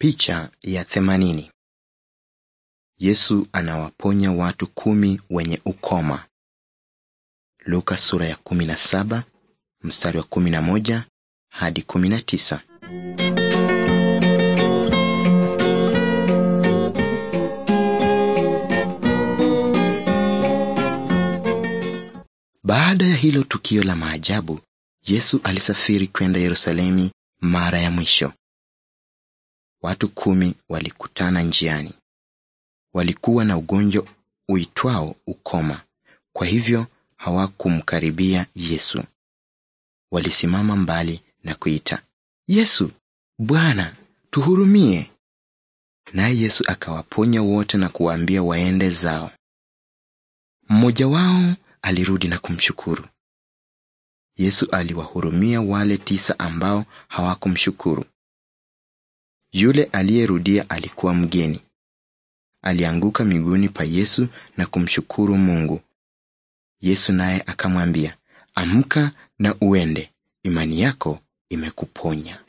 Picha ya themanini. Yesu anawaponya watu kumi wenye ukoma. Luka sura ya saba mstari wa moja hadi tisa. Baada ya hilo tukio la maajabu, Yesu alisafiri kwenda Yerusalemu mara ya mwisho. Watu kumi walikutana njiani. Walikuwa na ugonjwa uitwao ukoma. Kwa hivyo hawakumkaribia Yesu. Walisimama mbali na kuita, Yesu, Bwana, tuhurumie. Naye Yesu akawaponya wote na kuwaambia waende zao. Mmoja wao alirudi na kumshukuru. Yesu aliwahurumia wale tisa ambao hawakumshukuru. Yule aliyerudia alikuwa mgeni. Alianguka miguuni pa Yesu na kumshukuru Mungu. Yesu naye akamwambia, amka na uende, imani yako imekuponya.